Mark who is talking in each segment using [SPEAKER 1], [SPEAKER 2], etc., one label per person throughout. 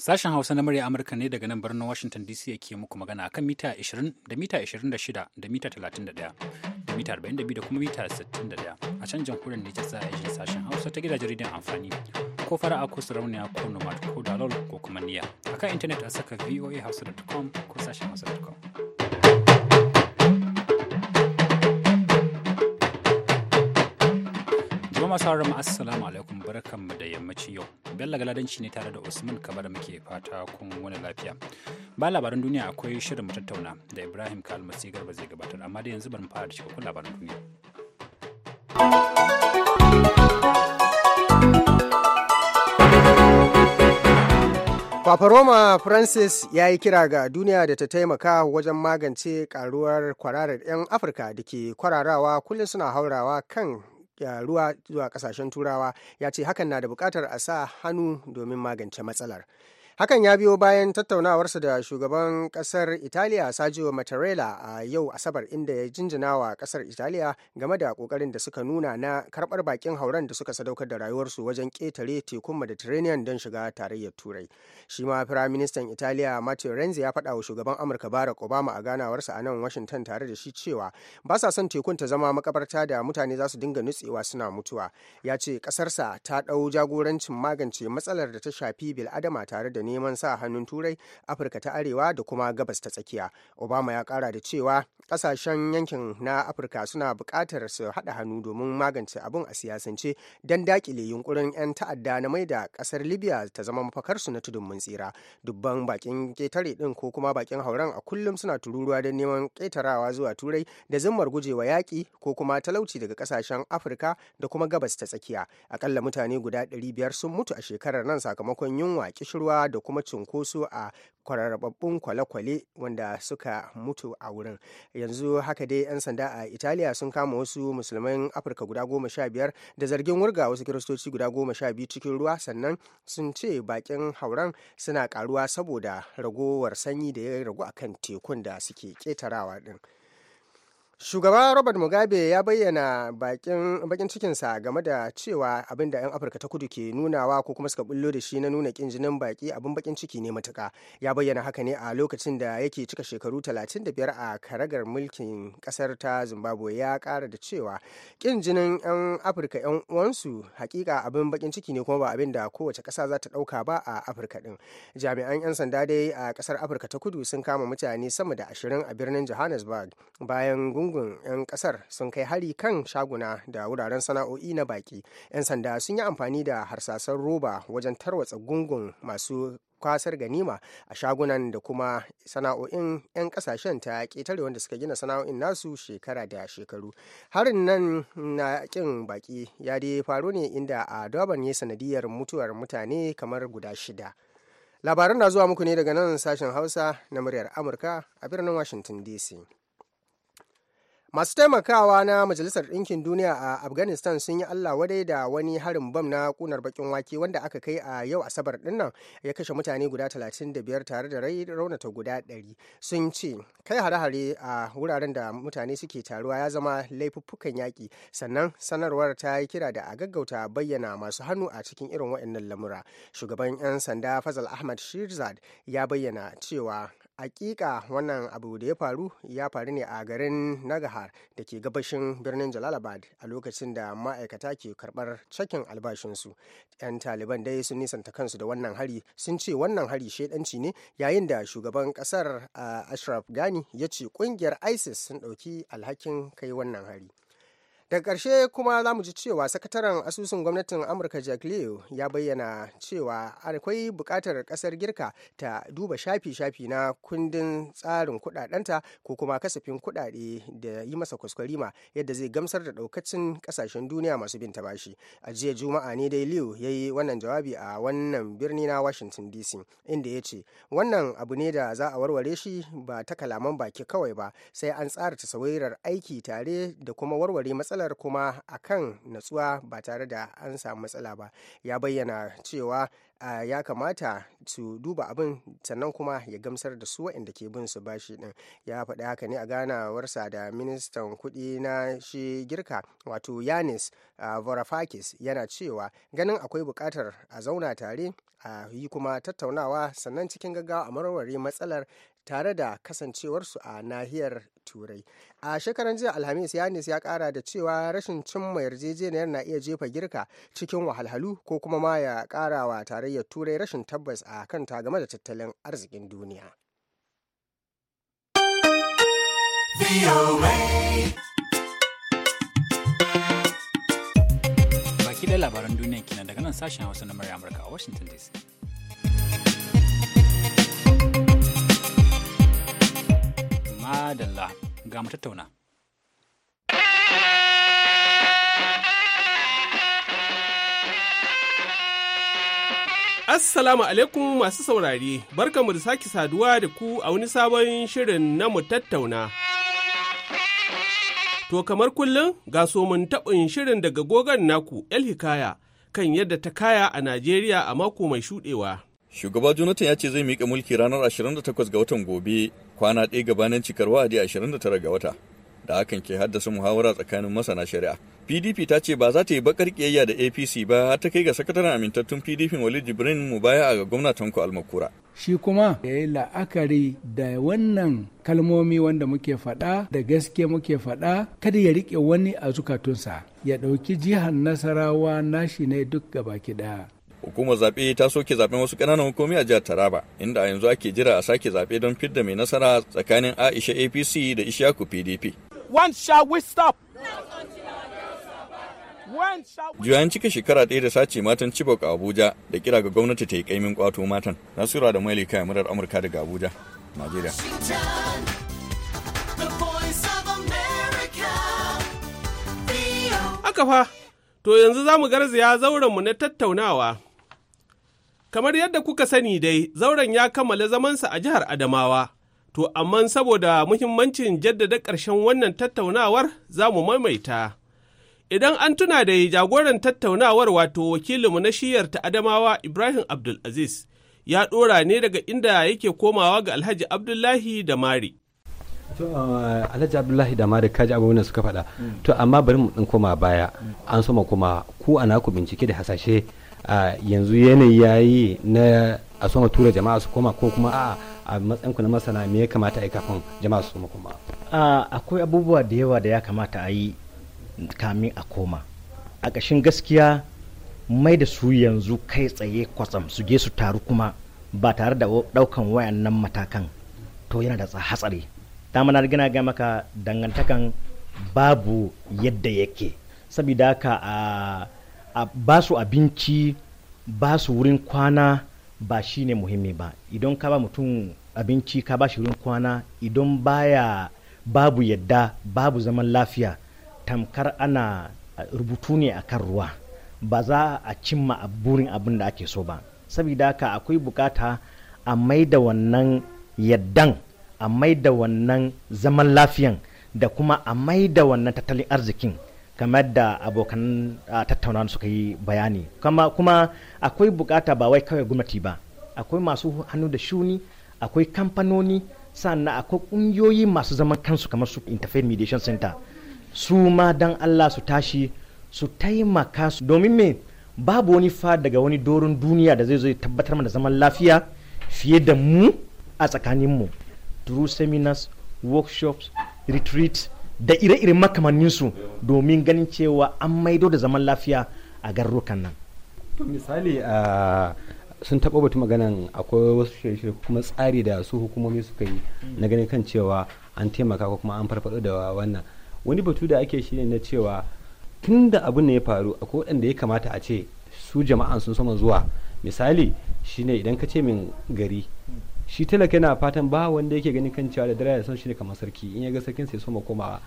[SPEAKER 1] Sashen Hausa na murya Amurka ne daga nan birnin Washington DC yake muku magana akan mita 20 da mita 26 da mita 31 da mita 42 da kuma mita 61 a can jamhuriyar Nijar za a yi sashen Hausa ta gida jaridan amfani ko fara'a ko sarauniya ko nomad ko dalol ko kuma niya. Akan intanet a saka voahausa.com ko sashen hausa.com. Jama'a sauran mu assalamu alaikum barkanmu da yammaci yau. Bello Galadanci ne tare da Usman da muke fata kun wani lafiya. Ba labaran duniya akwai shirin mu tattauna da Ibrahim Kalmasi Garba zai gabatar amma da yanzu bari mu fara da cikakkun labaran duniya.
[SPEAKER 2] Papa Roma Francis ya yi kira ga duniya da ta taimaka wajen magance karuwar kwararar 'yan Afirka da ke kwararawa kullum suna haurawa kan ruwa zuwa kasashen turawa ya ce hakan na da bukatar a sa hannu domin magance matsalar Hakan ya biyo bayan tattaunawarsa da shugaban kasar Italiya Sergio Mattarella a yau Asabar inda ya jinjina wa kasar Italiya game da kokarin da suka nuna na karbar bakin hauren da suka sadaukar da rayuwarsu wajen ketare tekun Mediterranean don shiga tarayyar Turai. Shi ma Firaministan Italiya Matteo Renzi ya faɗa wa shugaban Amurka Barack Obama a ganawarsa a nan Washington tare da shi cewa ba sa son tekun ta zama makabarta da mutane za su dinga nutsewa suna mutuwa. Ya ce kasarsa ta ɗau jagorancin magance matsalar da ta shafi bil'adama tare da neman sa hannun turai afirka ta arewa da kuma gabas ta tsakiya obama ya kara da cewa kasashen yankin na afirka suna buƙatar su haɗa hannu domin magance abin a siyasance don dakile yunkurin 'yan ta'adda na mai da ƙasar libya ta zama mafakarsu na tudun mun tsira dubban bakin ƙetare ɗin ko kuma bakin hauren a kullum suna tururuwa don neman ƙetarawa zuwa turai da zimmar gujewa yaƙi ko kuma talauci daga ƙasashen afirka da kuma gabas ta tsakiya akalla mutane guda 500 sun mutu a shekarar nan sakamakon yunwa kishirwa da kuma cunkoso a kwararrababbun kwale-kwale wanda suka mutu a wurin yanzu haka dai 'yan sanda a italiya sun kama wasu musulman afirka guda goma sha biyar da zargin wurga wasu kiristoci guda goma sha biyu cikin ruwa sannan sun ce bakin hauran suna karuwa saboda ragowar sanyi da ya ragu akan tekun da suke ketarawa din. Shugaba Robert Mugabe ya bayyana bakin cikinsa game da cewa abin da 'yan Afirka ta kudu ke nunawa ko kuma suka bullo da shi na nuna kin jinin baki abin bakin ciki ne matuka. Ya bayyana haka ne a lokacin da yake cika shekaru 35 a karagar mulkin kasar ta Zimbabwe ya kara da cewa kin jinin 'yan Afirka 'yan uwansu hakika abin bakin ciki ne kuma ba abin da kowace kasa za ta dauka ba a Afirka din. Jami'an 'yan sanda dai a kasar Afirka ta kudu sun kama mutane sama da 20 a birnin Johannesburg bayan gungun 'yan kasar sun kai hari kan shaguna da wuraren sana'o'i na baki 'yan sanda sun yi amfani da harsasan roba wajen tarwatsa gungun masu kwasar ganima a shagunan da kuma sana'o'in 'yan kasashen ta ketare wanda suka gina sana'o'in nasu shekara da shekaru harin nan na kin baki ya dai faru ne inda a durban ne sanadiyar mutuwar mutane kamar guda shida labaran na zuwa muku ne daga nan sashen hausa na muryar amurka a birnin washington dc masu taimakawa na majalisar ɗinkin duniya a afghanistan sun yi allah wadai da wani harin bam na kunar bakin wake wanda aka kai a yau asabar dinnan ya kashe mutane guda 35 tare da rai raunata guda 100 sun ce kai hare-hare a wuraren da mutane suke taruwa ya zama laifuffukan yaƙi sannan sanarwar ta yi kira da a gaggauta bayyana masu hannu a cikin irin waɗannan lamura shugaban 'yan sanda fazal ahmad shirzad ya bayyana cewa hakika wannan abu da ya faru ya faru ne a garin nagahar da ke gabashin birnin jalalabad a lokacin da ma'aikata ke karbar cakin albashinsu yan taliban dai sun nisanta kansu da wannan hari sun ce wannan hari shaidanci ne yayin da shugaban kasar ah, ashraf gani ya ce kungiyar isis sun dauki alhakin kai wannan hari daga ƙarshe kuma zamu ji cewa sakataren asusun gwamnatin amurka jack leo ya bayyana cewa akwai buƙatar ƙasar girka ta duba shafi-shafi na kundin tsarin kuɗaɗenta ko kuma kasafin kuɗaɗe da yi masa kwaskwarima yadda zai gamsar da ɗaukacin ƙasashen duniya masu bin ta bashi a jiya juma'a ne dai leo ya yi wannan jawabi a wannan birni na washington dc inda ya ce wannan abu ne da za a warware shi ba ta kalaman baki kawai ba sai an tsara ta tasawirar aiki tare da kuma warware matsala. matsalar kuma a kan natsuwa ba tare da an samu matsala ba ya bayyana cewa Uh, ya kamata su duba abin sannan kuma ya gamsar da su waɗanda ke bin su bashi din ya faɗi haka ne a ganawarsa da ministan kuɗi na shi girka wato yanis uh, yana cewa ganin akwai buƙatar a zauna tare a yi kuma tattaunawa sannan cikin gaggawa a marwari matsalar tare da kasancewarsu a nahiyar turai a shekaran jiya alhamis yanis ya kara da cewa rashin cimma yarjejeniyar na iya jefa girka cikin wahalhalu ko kuma ma ya kara wa tarayyar turai rashin tabbas a kanta game da tattalin arzikin duniya
[SPEAKER 1] baki labaran duniya nan sashen Hausa na murya Amurka a Washington DC. Madalla ga mu tattauna.
[SPEAKER 3] Assalamu alaikum masu saurari, mu da sake saduwa da ku a wani sabon shirin na mu tattauna. To kamar kullum ga somin taɓin shirin daga gogon naku El Hikaya kan yadda ta kaya a Najeriya a mako mai shuɗewa.
[SPEAKER 4] Shugaba Jonathan ya ce zai miƙa mulki ranar 28 ga watan gobe kwana ɗaya gabanin cikar wa'adi 29 ga wata. Da hakan ke haddasa muhawara tsakanin masana shari'a. PDP ta ce ba za ta yi bakar ƙiyayya da APC ba ta kai ga sakataren amintattun PDP Walid Jibrin mu baya ga gwamnatin ku Almakura. shi kuma ya yi la'akari da wannan kalmomi wanda muke faɗa da gaske muke faɗa kada ya rike wani a zukatunsa ya ɗauki jihar nasarawa nashi ne duk gabaki ɗaya hukumar zaɓe ta soke zaɓen wasu ƙananan hukumi a jihar Taraba inda a yanzu ake jira a sake zaɓe don fidda mai nasara tsakanin Aisha APC da Ishaku PDP. shall Juyan shekara ɗaya da sace matan Chibok a Abuja da kira ga gwamnati ta yi kaimin kwato matan. Nasura da Maili kai murar Amurka daga Abuja, Najeriya.
[SPEAKER 5] Haka
[SPEAKER 3] fa, to yanzu za mu garziya zaurenmu na tattaunawa. Kamar yadda kuka sani dai, zauren ya kammala zamansa a jihar Adamawa. To, amma saboda muhimmancin jaddada ƙarshen wannan tattaunawar za mu maimaita. Idan an tuna da jagoran tattaunawar wato wakilinmu na shiyar ta Adamawa Ibrahim Abdulaziz ya ɗora ne daga inda yake komawa ga Alhaji Abdullahi da Mari.
[SPEAKER 6] to uh, alhaji abdullahi da mari kaji abubuwan da suka faɗa to amma bari mu ɗin koma baya an soma kuma ku ana ku bincike da hasashe uh, yanzu yanayi yayi na a soma tura jama'a su koma ko kuma a a matsayin ku na masana me ya kamata a yi kafin jama'a su koma
[SPEAKER 7] uh, akwai abubuwa da yawa da ya kamata a yi kamin a koma a ƙashin gaskiya mai da su yanzu kai tsaye kwatsam su je su taru kuma ba tare da ɗaukan wayan nan matakan to yana da hatsari ta mana gina ga maka dangantakan babu yadda yake saboda ka a ba su abinci ba su wurin kwana ba shi ne muhimmi ba idan ka ba mutum abinci ka ba shi wurin kwana idan baya babu yadda babu zaman lafiya tamkar ana rubutu ne a kan ruwa ba za a cimma a burin abin da ake so ba saboda haka akwai bukata a mai wannan yaddan a mai wannan zaman lafiyan da kuma a mai da wannan tattalin arzikin kamar da abokan tattaunawa suka yi bayani kuma, akwai bukata ba wai kawai gwamnati ba akwai masu hannu da shuni akwai kamfanoni sannan akwai ƙungiyoyi masu zaman kansu kamar su interfaith mediation center su ma dan Allah su tashi su taimaka su domin me babu wani fa daga wani doron duniya da zai zo tabbatar mana zaman lafiya fiye da mu a tsakanin mu through seminars workshops retreat da ire-iren su domin ganin cewa an maido da zaman lafiya a garrukan nan
[SPEAKER 6] to misali a sun taɓa batu maganan akwai wasu shirye-shirye kuma tsari da su hukumomi suka yi na ganin kan cewa an taimaka ko kuma an farfado da wannan wani batu da ake shi ne na cewa tunda da abin ne ya faru akwai waɗanda ya kamata a ce su jama'an sun sama zuwa misali shine idan ka ce min gari shi talaka yana fatan ba wanda yake ganin kan cewa da dare da san shi ne kamar sarki in ya ga sarkin sai soma komawa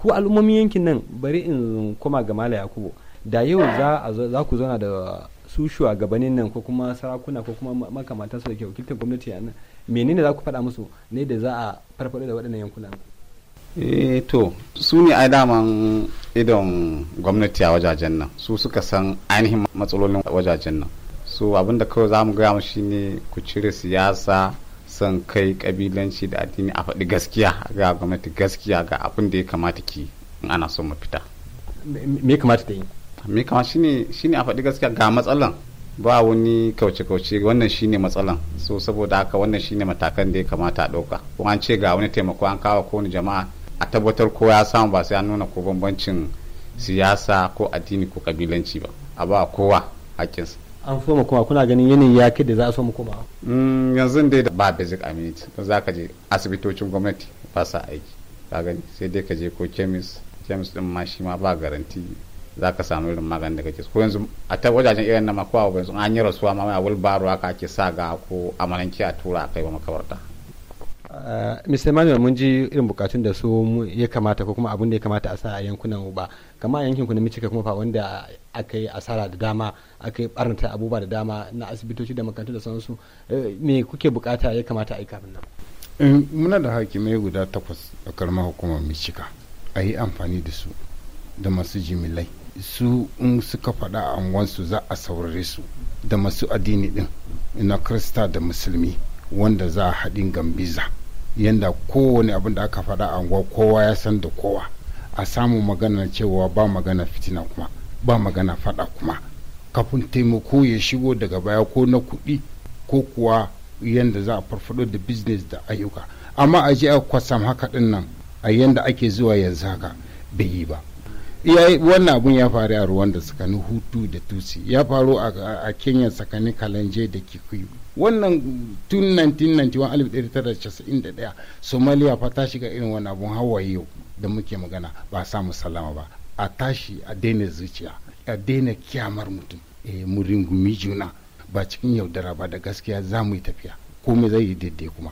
[SPEAKER 6] ko al'ummomin yankin nan bari in koma ga mala yakubu da yau za ku zauna da su shugabannin nan ko kuma sarakuna ko kuma makamantansu da ke wakiltar gwamnati a nan menene za ku faɗa musu ne da za a farfaɗo da waɗannan yankunan
[SPEAKER 8] Eh, to su ne ai daman idon gwamnati a wajajen nan su suka san ainihin matsalolin wajajen nan so abinda kawai za mu gaya mu shine ku cire siyasa son kai kabilanci da addini a faɗi gaskiya ga gwamnati gaskiya ga abin da ya kamata ki in ana son mafita
[SPEAKER 6] me kamata ta yi
[SPEAKER 8] me kamata shine shine a faɗi gaskiya ga matsalan ba wani kauce-kauce wannan shine matsalan so saboda haka wannan shine matakan da ya kamata a ɗauka ko an ce ga wani taimako an kawo ko jama'a a tabbatar ko ya samu ba sai an nuna ko bambancin siyasa ko addini ko kabilanci ba a ba kowa haƙƙinsa
[SPEAKER 6] an so kuma kuna ganin yanayin ya da za a so mu koma
[SPEAKER 8] mm, yanzu dai ba basic amenity za ka je asibitocin gwamnati ba sa aiki ka gani sai dai ka je ko chemist chemist din ma shi ma ba garanti za ka samu irin maganin da kake ko yanzu a ta wajajen irin na ma ko a an yi rasuwa ma wani baro aka ake sa ga ko amalanki a tura a kai ba makabarta
[SPEAKER 6] Eh, Mr. manuel mun ji irin bukatun da su ya kamata ko kuma abin da ya kamata a sa a yankunan ba kama a yankin ku na kuma fa wanda aka yi asara da dama aka yi barnata abubuwa da dama na asibitoci da makarantu da sauransu eh, me kuke bukata ya kamata a yi kafin nan.
[SPEAKER 9] Eh, muna da hakimai guda takwas a karamar hukumar Michigan a yi amfani da su da masu jimilai su in suka faɗa a anguwansu za a saurare su da masu addini din na krista da musulmi wanda za a haɗin gambiza. yadda kowane abin da aka faɗa a unguwa kowa ya san da kowa a samu magana cewa ba magana fitina kuma ba magana faɗa kuma kafin taimako ya shigo daga baya ko na kuɗi ko kuwa yadda za a farfado da business da ayyuka amma a je a kwasam haka ɗin nan a yadda ake zuwa yanzu haka bai yi ba wannan abun ya faru a ruwan da tsakanin hutu da tusi ya faru a kenya tsakanin kalanje da kikuyu wannan tun 1991 somaliya fa ta shiga irin wani abun hawaye da muke magana ba samu salama ba a tashi a daina zuciya a daina kyamar mutum e, mu ringumi juna ba cikin yaudara ba da gaskiya za mu yi tafiya komai zai yi daidai kuma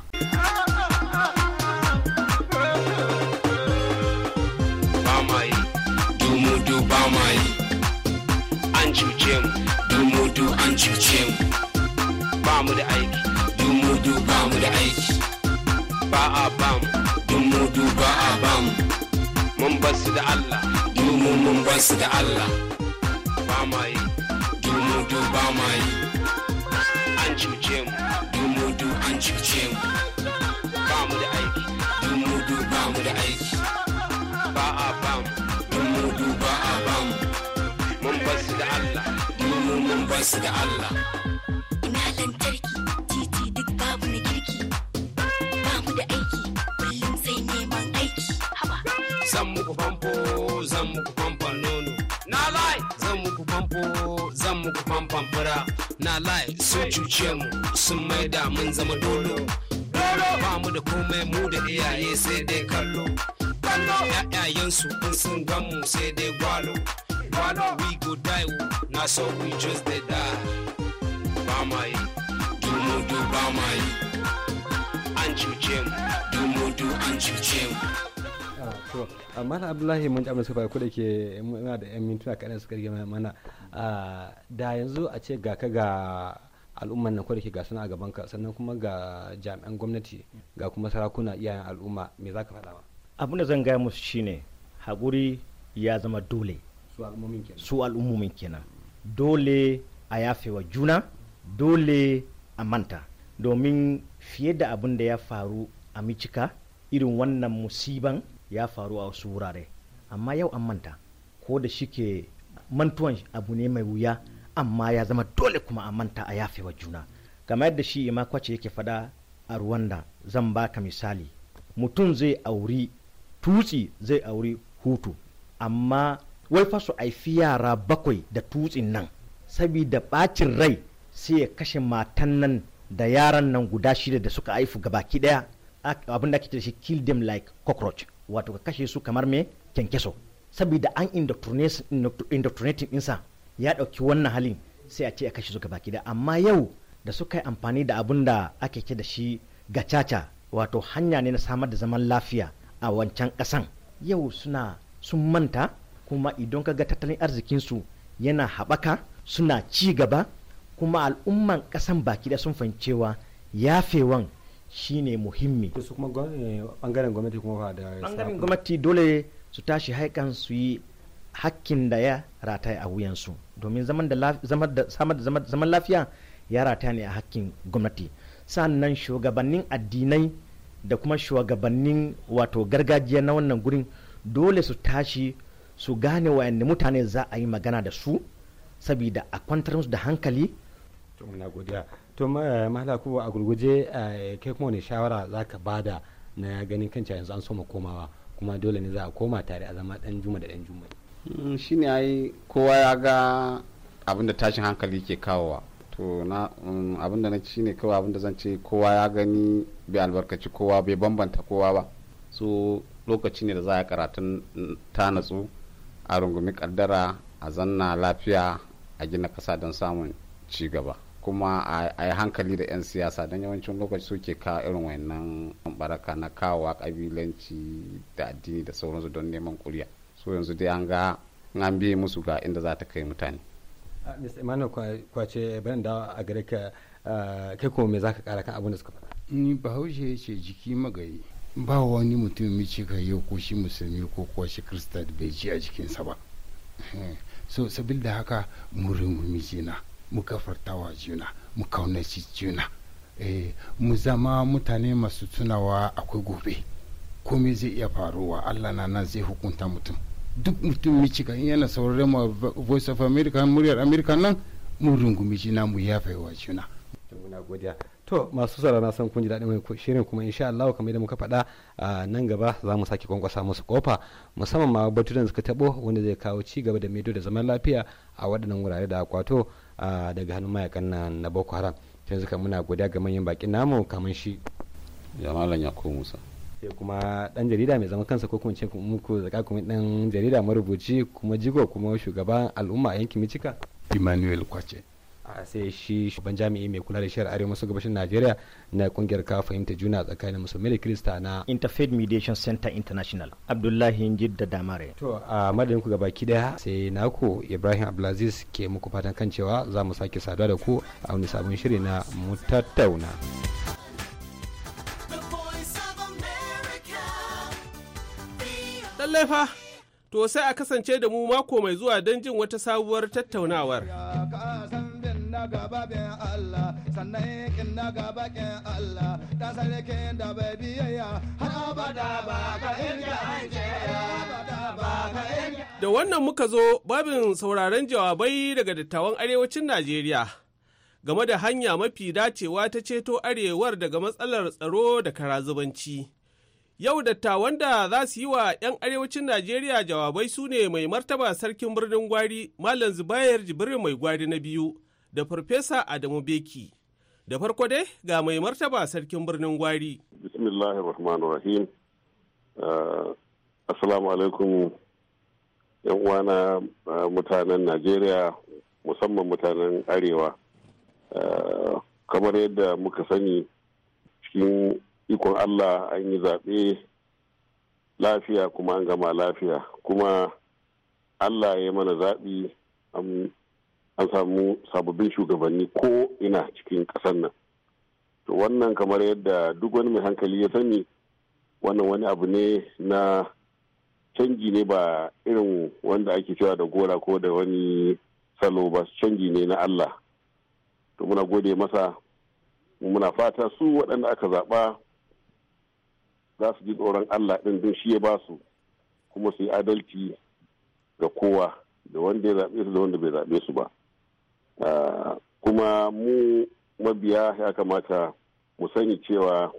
[SPEAKER 5] an cuce mu, dumudu an cuce mu. bamu da aiki duk mudu ba da aiki ba a bamu mu duk ba a bamu mun basu da Allah dumu mun basu da Allah ba ma yi duk mudu ba ma yi an cuce mu duk mudu an cuce mu bamu da aiki duk mudu ba da aiki ba a bamu mu duk ba a bamu mun basu da Allah dumu mun basu da Allah zan muku famfo zan muku famfon nono na lai zan muku famfo zan muku famfon fura na lai sun cuce mu sun maida mun zama dolo dolo ba mu da komai mu da iyaye sai dai kallo kallo ƴaƴayensu in sun gan mu sai dai gwalo gwalo we go die oh. na so we just dey die ba ma yi du ba ma yi an cuce mu du an cuce mu
[SPEAKER 6] amma na abdullahi mun ji abin suka ko da ke muna da yan mintuna kaɗan suka rage mana da yanzu a ce ga ka ga al'umman nan ko da ke ga na a gaban ka sannan kuma ga jami'an gwamnati ga kuma sarakuna iyayen al'umma me za ka
[SPEAKER 7] faɗa ma abin da zan gaya musu shine haƙuri ya zama dole su al'ummomin kenan dole a yafewa juna dole a manta domin fiye da abin da ya faru a micika irin wannan musiban ya faru a wasu wurare amma yau an manta ko da shi ke mantuwan abu ne mai wuya amma ya zama dole kuma a manta a yafe wa juna kamar yadda shi ima kwace yake fada a ruwanda zan baka misali mutum zai auri tutsi zai auri hutu amma wai fa su fi yara bakwai da tutsin nan sabida bacin rai sai ya kashe matan nan da yaran nan guda shida da suka haifu gabaki daya abin da ake shi kill them like cockroach wato ka kashe su kamar me kyankyaso saboda an indoctrinating insa ya ɗauki wannan halin sai a ce a kashe su gaba da amma yau da suka yi amfani da abun da ake ke da shi ga caca wato hanya ne na samar da zaman lafiya a wancan kasan. yau suna sun manta kuma idan ka ga tattalin arzikinsu yana haɓaka suna ci gaba kuma al'umman kasan baki da sun fahimcewa yafewan Shi ne muhimmi su kuma eh, bangaren gwamnati kuma da bangaren gwamnati dole su tashi haikan su yi hakkin da ya rataye a wuyansu domin zaman da zaman lafiya ya rataye ne a hakkin gwamnati sannan shugabannin addinai da kuma shugabannin wato gargajiya na wannan gurin dole su tashi su gane wayanne mutane za a yi magana da su sabida a kwantar musu da hankali
[SPEAKER 6] to muna godiya to mahala kuwa a gurguje eh, kai kuma wani shawara za ka da na ganin kanci yanzu an so ma komawa kuma dole ne za a koma tare a zama dan juma da dan juma
[SPEAKER 8] mm, shi ne ai kowa ya ga abin da tashin hankali ke kawowa to na mm, abin da na ci ne kawai abin da zan ce kowa ya gani bai albarkaci kowa bai bambanta kowa ba so lokaci ne da za a karatun mm, ta natsu a rungumi kaddara a zanna lafiya a gina kasa don samun ci gaba kuma a yi hankali da 'yan siyasa don yawancin lokaci suke ka irin wannan baraka na kawowa kabilanci da addini da sauransu don neman kuriya so yanzu dai an ga an biye musu ga inda za ta kai mutane
[SPEAKER 6] mr emmanuel kwace bayan da a gare kai kuma me za ka kara kan abin da suka faɗa ni bahaushe ya ce jiki magayi
[SPEAKER 9] ba wani mutum mai ce ka yi ko shi musulmi ko kuwa shi kirista bai ji a jikinsa ba eh, so sabil da haka mu rungumi na. mu gafartawa juna mu kaunaci juna e, mu zama mutane masu tunawa akwai gobe komai zai iya faruwa allah na nan zai hukunta mutum duk mutum michigan yana saurare ma
[SPEAKER 6] voice of america muryar america nan mun rungumi juna mu yafe wa juna to masu tsara na san kun ji daɗin shirin kuma insha Allah kamar yadda muka faɗa a nan gaba za mu sake kwankwasa musu kofa musamman ma batunan suka tabo wanda zai kawo ci gaba da maido da zaman lafiya a waɗannan wurare da akwato daga hannun mayakan nan na boko haram yanzu suka muna godiya ga manyan bakin namu kamar shi malam yakubu musa sai kuma dan jarida mai zama kansa ko kuma ce muku zaka kuma dan jarida marubuci kuma jigo kuma shugaban al'umma a yankin micika emmanuel kwace sai shi shugaban jami'i mai kula da shiyar arewa maso gabashin najeriya na kungiyar ka fahimta juna tsakanin musulmi da kirista na interfaith mediation center
[SPEAKER 7] international abdullahi jid da damare to
[SPEAKER 6] a madadin ku gabaki daya sai naku ibrahim abdulaziz ke muku fatan kan cewa za mu sake saduwa da ku a wani sabon shiri na mu tattauna
[SPEAKER 3] lallai fa to sai a kasance da mu mako mai zuwa don jin wata sabuwar tattaunawar.
[SPEAKER 7] sannan Allah da da bai biyayya
[SPEAKER 3] wannan muka zo babin sauraron jawabai daga dattawan arewacin Najeriya game da hanya mafi dacewa ta ceto arewar daga matsalar tsaro da karazubanci. Yau dattawan da za su yi wa 'yan arewacin Najeriya jawabai su ne mai martaba sarkin birnin gwari Malam Zubayar Jibrin mai gwari na biyu da Farfesa Adamu Beki. Da farko dai ga mai martaba sarkin birnin gwari.
[SPEAKER 10] Bismillahir Rahmanir Rahim. Uh, assalamu alaikum yan uwana uh, mutanen Najeriya musamman mutanen Arewa. Uh, kamar yadda muka sani cikin ikon Allah an yi zaɓe lafiya kuma an gama lafiya kuma Allah ya mana zaɓi an samu sababbin shugabanni ko ina cikin ƙasar nan to wannan kamar yadda duk wani mai hankali ya sani wannan wani abu ne na canji ne ba irin wanda ake cewa da gora ko da wani salo ba canji ne na Allah to muna gode masa muna fata su waɗanda aka zaɓa za su ji tsoron Allah ɗin don shi ya ba su kuma su yi adalci ga kowa da wanda ya zaɓe su da wanda bai zaɓe su ba. Ah, kuma mu mabiya ya kamata mu sani cewa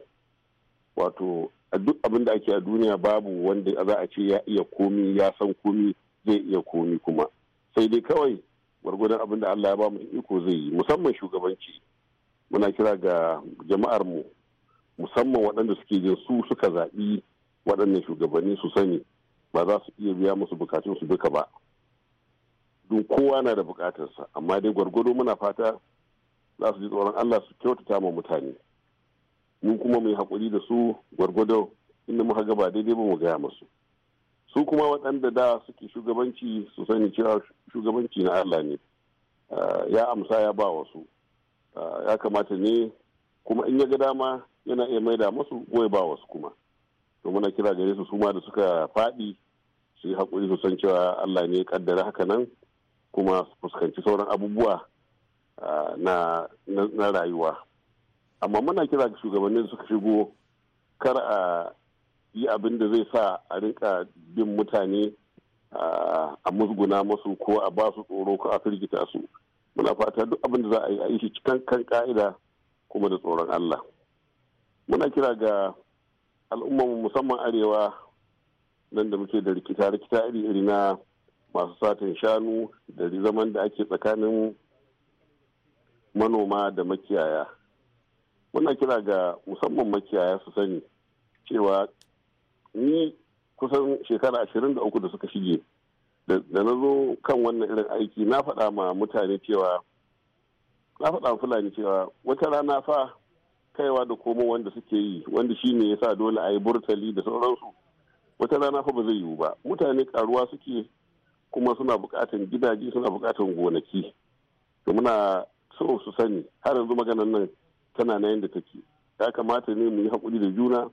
[SPEAKER 10] wato duk abin da ake a duniya babu wanda za a ce ya iya komi ya san komi zai iya komi kuma sai dai kawai gwargwadon abin da allah ya ba mu iko zai yi musamman shugabanci muna kira ga jama'ar mu musamman waɗanda suke jin su suka zaɓi waɗannan shugabanni su sani ba za su iya biya musu bukatun su duka ba don kowa na da bukatarsa amma dai gwargwado muna fata za su ji tsoron allah su kyautata ma mutane mun kuma mai haƙuri da su gwargwado inda muka gaba daidai ba mu gaya masu su kuma waɗanda da suke shugabanci su sani cewa shugabanci na allah ne ah, ya amsa ya ba wasu ah, ya kamata ne kuma in ya ga dama yana iya maida masu ko ya ba wasu kuma to muna kira gare su su ma da suka faɗi su yi haƙuri su san cewa allah ne ya haka nan kuma fuskanci sauran abubuwa ah, na rayuwa amma muna kira ga shugabannin suka shigo kar a yi abin da zai sa a rinka bin mutane ah, a musguna masu ko a ba su tsoro ko a firgita su muna fata duk abin da za a yi a yi shi cikin kan ka'ida kuma da tsoron Allah muna kira ga al'ummar musamman arewa nan da muke da rikita rikita iri iri na masu satin shanu da zaman da ake tsakanin manoma da makiyaya muna kira ga musamman makiyaya su sani cewa ni kusan shekara ashirin da uku da suka shige da na zo kan wannan irin aiki na faɗa ma mutane cewa na faɗa fulani cewa wata rana fa kaiwa da komo wanda suke yi wanda shi ne ya sa dole a yi burtali da sauransu wata rana fa ba zai yiwu ba mutane karuwa suke kuma suna bukatan gidaje suna bukatan gonaki to muna so su sani har yanzu maganar nan tana na yadda take ya kamata ne mu yi hakuri da juna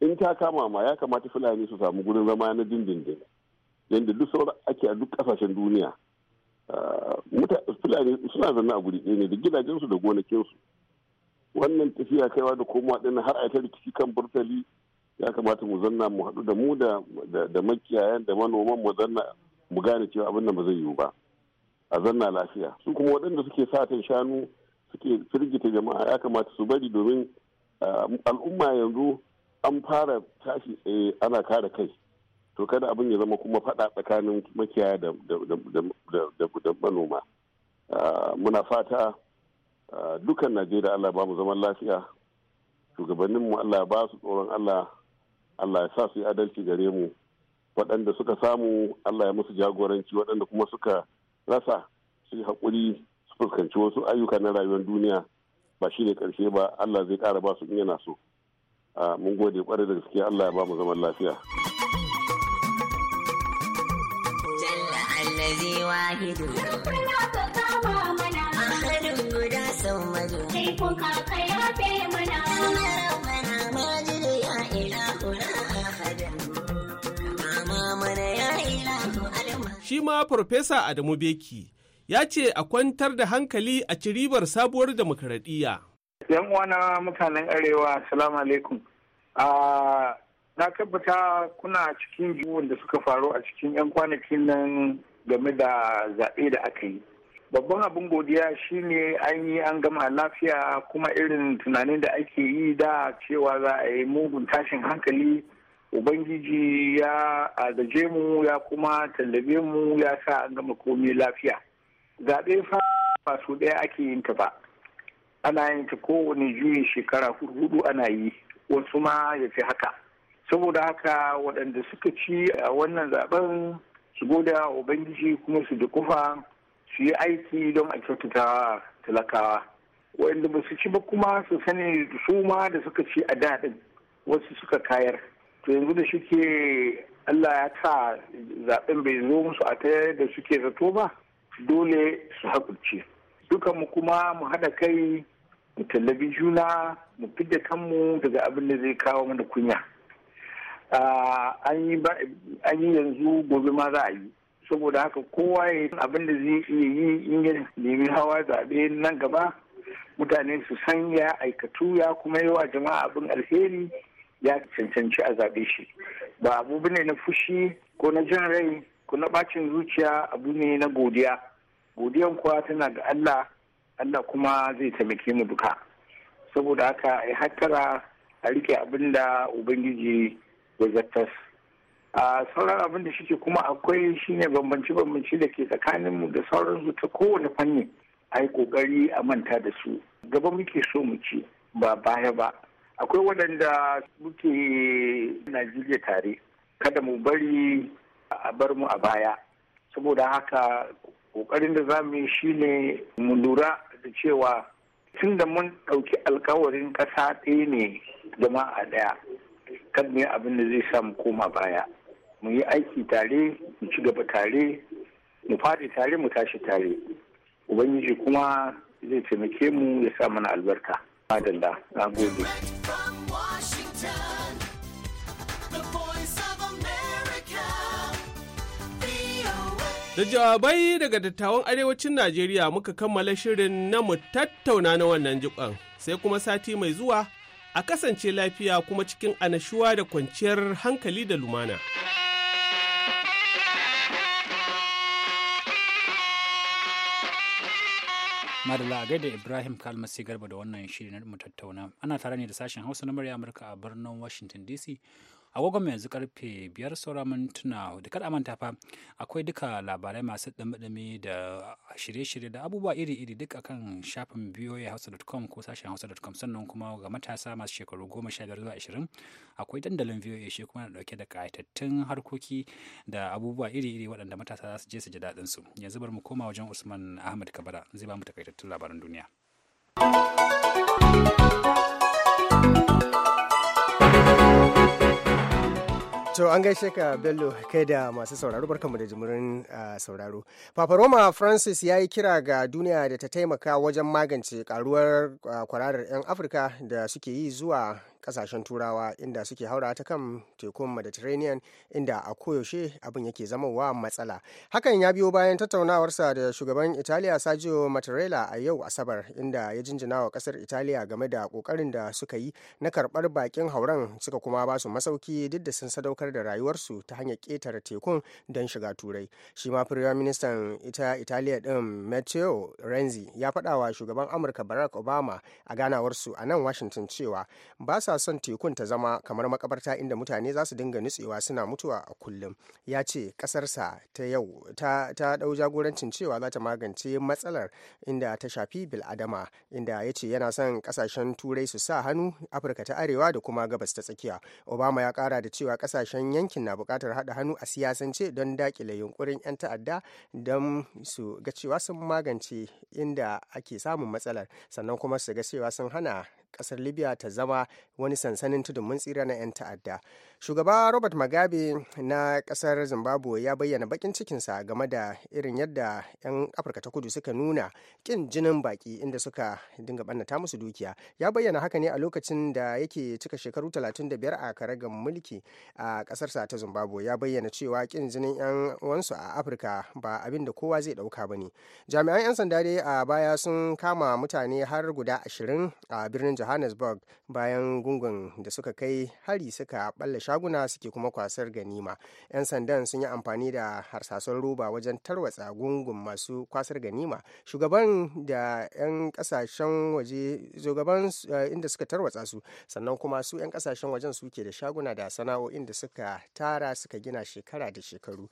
[SPEAKER 10] in ta kama ma ya kamata fulani su samu gurin zama na dindindin yadda duk sauran ake a duk kasashen duniya ah, fulani suna zanna a guri ne da gidajensu da gonakinsu wannan tafiya kaiwa da komawa ɗin har a ta rikici kan burtali ya kamata mu zanna mu haɗu da mu da makiyayan da manoman mu zanna mu gane cewa abin nan ba zai yiwu ba a zanna lafiya su kuma waɗanda suke satan shanu suke firgita jama'a ya kamata su bari domin ah, al'umma yanzu an fara tashi tsaye ana kare kai to kada abin ya zama kuma faɗa tsakanin makiyaya da manoma ah, muna fata ah, dukan najeriya allah ba mu zaman lafiya shugabanninmu allah ba su tsoron allah allah ya sa su yi adalci gare mu waɗanda suka samu allah ya musu jagoranci waɗanda kuma suka rasa su yi haƙuri su fuskanci wasu ayyuka na rayuwar duniya ba shi ne ƙarshe ba allah zai ƙara ba su in yana so mun gode ƙwarai da gaske allah ya ba mu zaman lafiya
[SPEAKER 4] Thank you.
[SPEAKER 3] shi ma farfesa adamu beki ya ce a kwantar da hankali a ci ribar sabuwar demokaradiyya.
[SPEAKER 4] yan uwana mutanen arewa salamu alaikum ah, na tabbata kuna cikin jiwon da suka faru a cikin 'yan kwanakin nan game da zaɓe da aka yi babban abin godiya shine an yi an gama lafiya kuma irin tunanin da ake yi da cewa za a yi mugun tashin hankali ubangiji ya agaje mu ya kuma tallabe mu ya sa an gama komai lafiya zaɓe fa ba su ɗaya ake yin ta ba ana yin ta kowane juyin shekara hudu ana yi wasu ma ya fi haka saboda haka waɗanda suka ci a wannan zaben su goda ubangiji kuma su dukufa su yi aiki don a kyautata talakawa waɗanda ba su ci ba kuma su sani su ma da suka ci a daɗin wasu suka kayar to yanzu da shike Allah ya sa zaben bai zo musu a ta da suke zato ba dole su haƙurce dukan mu kuma mu haɗa kai mu tallabi juna mu fidda kanmu daga abin da zai kawo mana kunya an yi yanzu gobe ma za a yi saboda haka kowa ya abin da zai iya yi in ya nemi hawa zaɓe nan gaba mutane su san ya aikatu ya kuma yi wa jama'a abin alheri ya cancanci a zaɓe shi ba abu ne na fushi ko na jin rai ko na bacin zuciya abu ne na godiya godiyan kuwa tana ga Allah Allah kuma zai taimake mu duka saboda haka a hattara a rike abin da ubangiji ya zartas a sauran abin da shike kuma akwai shine bambanci bambanci da ke tsakanin mu da sauran ta kowane fanni a yi kokari a manta da su gaba muke so mu ci ba baya ba akwai waɗanda muke najeriya tare kada mu bari a bar mu a baya saboda haka ƙoƙarin da za mu yi shine mu lura da cewa tun da mun ɗauki alkawarin ƙasa ɗaya ne jama'a ɗaya kan ne abin da zai sa mu koma baya mu yi aiki tare mu ci gaba tare mu faɗi tare mu tashi tare ubangiji kuma zai taimake mu ya sa mana albarka Adalla, na gode.
[SPEAKER 3] Da jawabai daga dattawan arewacin Najeriya muka kammala shirin na mu tattauna na wannan jiƙon sai kuma sati mai zuwa a kasance lafiya kuma cikin anashuwa da kwanciyar hankali
[SPEAKER 1] da lumana. madala a gaida Ibrahim Kalmasi Garba da wannan shirin mu tattauna. Ana tare ne da sashen Hausa na murya Amurka a birnin Washington DC. agogon yanzu karfe biyar saura mintuna da kada manta fa akwai duka labarai masu ɗumi da shirye-shirye da abubuwa iri-iri duk a kan shafin voahausa.com ko sashen hausa.com sannan kuma ga matasa masu shekaru goma sha biyar zuwa ashirin akwai dandalin biyoyi shi kuma na dauke da ƙayatattun harkoki da abubuwa iri-iri waɗanda matasa za su je su ji daɗin su yanzu bari mu koma wajen usman ahmad kabara zai ba mu takaitattun labaran duniya.
[SPEAKER 2] To an gaishe ka Bello kai da masu sauraro barkanmu da jimurin sauraro. Papa Roma Francis ya yi kira ga duniya da ta taimaka wajen magance karuwar kwararar 'yan Afirka da suke yi zuwa kasashen turawa inda suke haura ta kan tekun mediterranean inda a koyaushe abin yake zama wa matsala hakan ya biyo bayan tattaunawarsa da shugaban italiya sergio mattarella a yau asabar inda ya jinjina wa kasar italiya game da kokarin da suka yi na karbar bakin hauren suka kuma ba su masauki duk da sun sadaukar da rayuwarsu ta hanyar ketar tekun don shiga turai shi ma firaministan ita italiya din matteo renzi ya faɗa wa shugaban amurka barack obama a ganawarsu a nan washington cewa ba sa son tekun ta zama kamar makabarta inda mutane za su dinga nutsewa suna mutuwa a kullum ya ce kasarsa ta yau ta, ta dau jagorancin cewa za ta magance matsalar inda ta shafi biladama inda ya ce yana son kasashen turai su sa hannu afirka ta arewa da kuma gabas ta tsakiya obama ya kara da cewa kasashen yankin na bukatar haɗa hannu a siyasance don dakile yunkurin 'yan ta'adda don su ga cewa sun magance inda ake samun matsalar sannan kuma su ga cewa sun hana kasar libya ta zama wani sansanin tudun mun tsira na 'yan ta'adda shugaba robert magabe na kasar zimbabwe ya bayyana bakin cikinsa game da irin yadda 'yan afirka ta kudu suka nuna kin jinin baki inda suka dinga bannata musu dukiya ya bayyana haka ne a lokacin da yake cika shekaru 35 a karagan mulki a kasarsa ta zimbabwe ya bayyana cewa kin jinin 'yan wansu a afirka ba abin da kowa zai dauka ba ne jami'an 'yan sanda dai a baya sun kama mutane har guda ashirin a birnin johannesburg bayan gungun da suka kai hari suka ballashe shaguna suke kuma kwasar ganima 'yan sandan sun yi amfani da harsasan roba wajen tarwatsa gungun masu kwasar ganima shugaban da 'yan kasashen waje shugaban eh, inda suka tarwatsa su sannan kuma su 'yan kasashen wajen suke da shaguna da sana'o'in da suka tara suka gina shekara da shekaru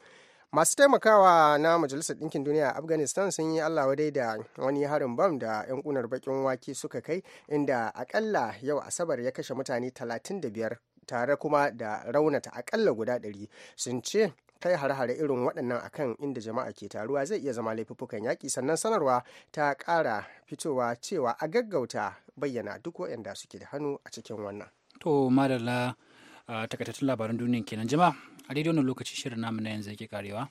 [SPEAKER 2] masu taimakawa na majalisar ɗinkin duniya a afghanistan sun yi allah dai da wani harin bam da 'yan kunar bakin wake suka kai inda akalla yau asabar ya kashe mutane 35 tare kuma da raunata akalla guda ɗari sun ce kai hare-hare irin waɗannan akan inda jama'a ke taruwa zai iya zama laifuffukan yaƙi sannan sanarwa ta ƙara fitowa cewa a gaggauta bayyana duk waɗanda suke da hannu a cikin wannan.
[SPEAKER 1] To madalla takaitattun labaran duniya kenan jama'a a daidai wannan lokaci shirin namu na yanzu yake karewa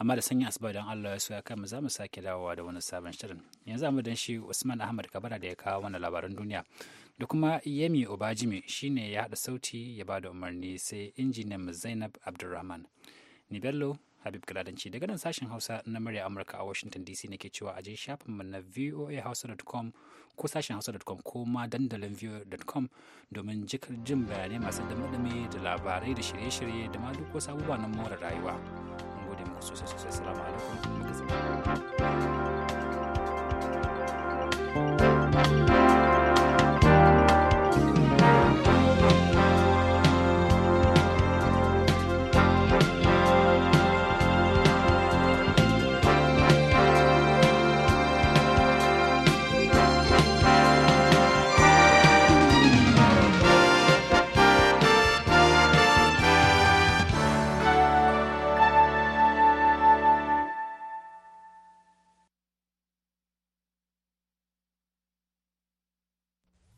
[SPEAKER 1] amma da sanyin asuba don Allah ya soya kan za mu sake dawowa da wani sabon shirin yanzu amma dan shi Usman Ahmad Kabara da ya kawo mana labaran duniya da kuma yemi obajime shine ya haɗa sauti ya ba da umarni sai injiniyan zainab abdulrahman ni bello habib galadanci daga nan sashen hausa na murya amurka a washington dc ke cewa shafin shafinmu na voahausa.com ko sashen hausa.com ko ma dandalin voa.com domin jikar jin bayanai masu dame da labarai da shirye-shirye da ma duk wasu abubuwa na more rayuwa mun gode muku sosai sosai salamu alaikum
[SPEAKER 5] thank you